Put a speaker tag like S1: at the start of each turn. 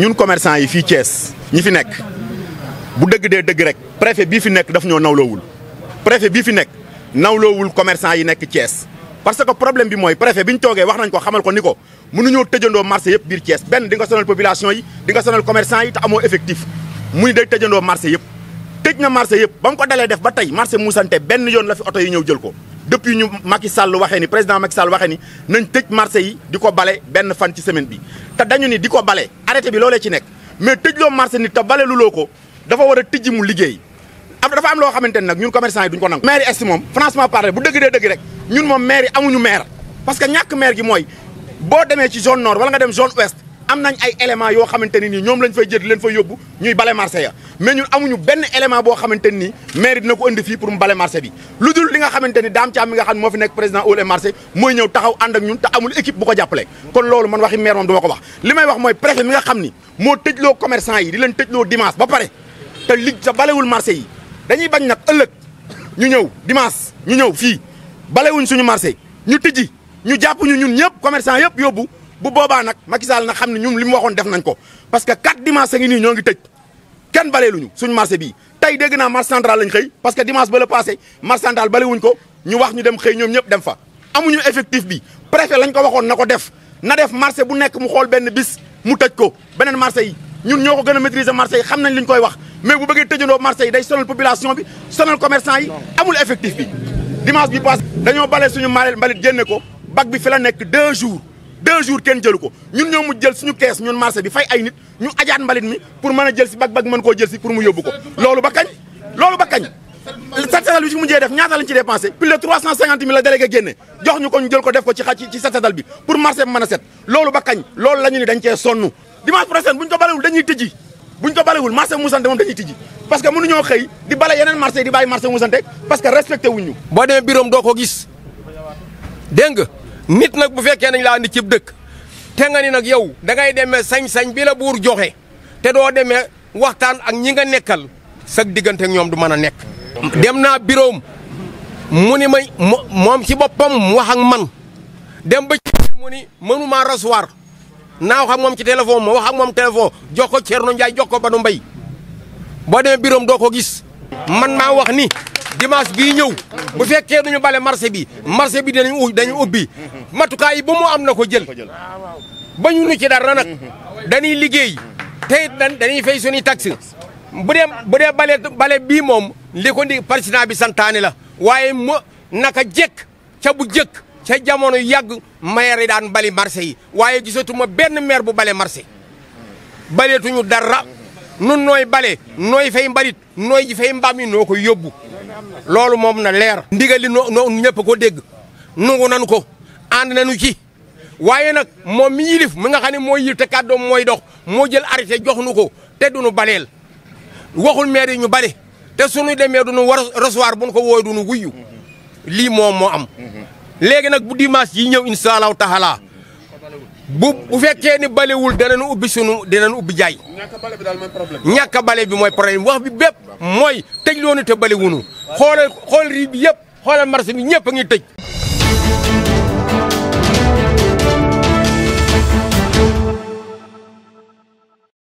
S1: ñun commerçant yi fii cees ñi fi nekk bu dëgg dee dëgg rek préfet bii fi nekk daf ñoo nawloowul préfet bii fi nekk nawloowul commerçant yi nekk Thiès parce que problème bi mooy préfet bi ñu toogee wax nañ ko xamal ko ni ko mënuñoo tëjandoo marché yëpp biir Thiès benn di nga sonal population yi di nga sonal commerçant yi te amoo effectif mu ni day tëjandoo marché yëpp tëj na marché yëpp ba ko dalee def ba tey marché Moussante benn yoon la fi oto yi ñëw jël ko depuis ñu Macky Sall président Macky Sall waxee ni nañ tej marché yi benn fan ci semaine bi dañu ni diko arrêté bi lolé ci nek mais Marseille marché ni ta balé lu loko dafa wara dafa am lo ne ñun commerçant yi duñ ko bu parce que ñak maire gi moy bo démé ci zone nord wala nga ouest am nañ ay éléments yoo xamante ne nii ñoom lañ fay jël leen fay yóbbu ñuy bale marché ya mais ñun amuñu benn élément boo xamante ni mairie dina ko indi fii pour mu bale marché bi lu dul li nga xamante daam ci ne moo fi nekk président Hall et marché mooy ñëw taxaw ànd ak ñun te amul équipe bu ko jàppale kon loolu man waxi maire moom duma ko wax li may wax mooy préfet mi nga xam ni moo tëjloo commerçant yi di leen tëjloo dimanche ba pare te lig sa balewul marché yi ñu ñëw dimanche ñu ñëw fii balewuñ suñu marché ñu tijji ñu jàpp ñu ñun ñëpp commerçant yëpp yóbbu bu boobaa nag Macky Sall na xamni ñum limu waxon def nañ ko parce que quatre dimanche a ngi nii ñoo ngi tëj kenn baleeluñu suñ marché bi tay dégg na marché central lañ xey parce que dimanche ba le passé marché central balé wuñ ko ñu wax ñu dem xey ñom ñëpp dem fa amuñu effectif bi préfet lañ ko waxon nako def na def marché bu nekk mu xol ben bis mu tëj ko benen marché yi ñun ñoko gëna maîtriser marché yi xam nañ li koy wax mais bu bëggee tëjandoo marché yi day sonal population bi sonal commerçant yi amul effectif bi dimanche bi passé dañoo balé suñu maaleel mbalit génné ko bac bi fi la nekk 2 jours deux jours kenn jëlu ko ñun ñoo mu jël suñu caisse ñun marché bi fay ay nit ñu adjaat mbalit mi pour mëna a jël si bag-bag mëna ko jël ci pour mu yóbbu ko loolu ba kañ lolu ba kañ set bi ci mu mujjee def ñaata lañ ci dépenser plus de 350000 la délégué génné jox ñu ko ñu jël ko def ko ci xati ci set bi pour marché mëna mën a set loolu ba kañ lolu lañu ni dañ ci sonu dimanche prochain buñ ko balewul dañuy tëjji buñ ko balewul marché bu Moussante moom dañuy tijji
S2: parce que mënu ñoo xey di bale yenen marché di bay marché bu Moussante parce que respecté wuñu bo demee birom do ko gis deng nga nit nag bu fekkee nañ laa andi cib dëkk te nga ni nag yow da ngay demee sañ-sañ bi la buur joxe te doo demee waxtaan ak ñi nga nekkal sag diggante ñoom du mën a nekk. dem naa biroom mu ni may moom ci boppam mu wax ak man dem ba ci mu ni mënumaa recevoir naa wax ak moom ci téléphone ma wax ak moom téléphone jox cer Thierno njaay jox ko Badou Mbaye boo demee biroom doo ko gis man maa wax ni. dimanche bii ñëw bu fekkee duñu bale marché bi marché bi danañ dañu ubbi matukaay yi ba mu am na ko jël ba ñu nu ci dara nag dañuy liggéey te it dañuy fay suñuy taxe bu dee bu dee bale bale bii moom li ko ndi président bi santaane la waaye ma naka jekk ca bu jëkk ca jamono yàgg maire yi daan bali marché yi waaye gisatuma benn maire bu bale marché baleetuñu dara nun nooy bale nooy fay mbalit nooy ji fay mbaam yi noo ko yóbbu loolu moom na leer. ndigal li noo ñëpp ko dégg nungu nanu ko ànd nañu ci waaye nag moom mi yilif mi nga xam ne moo yilif te kàddoom mooy dox moo jël arrêté jox nu ko te du nu baleel waxul maire yi ñu bari te suñu demee duñu war recevoir buñ ko wooy duñu wuyu lii moom moo am mhm. léegi nag bu dimanche yi ñëw incha allahu taala bu bu fekkee ni balewul danañ ubbi sunu dinañ ubbi jaay.
S1: ñàkk bale bi daal mooy problème
S2: ñàkk bale bi mooy problème wax bi bépp mooy tëj loonu te balewunu xoolal xool rii bi yëpp xoolal marché bi ñëpp a ngi tëj.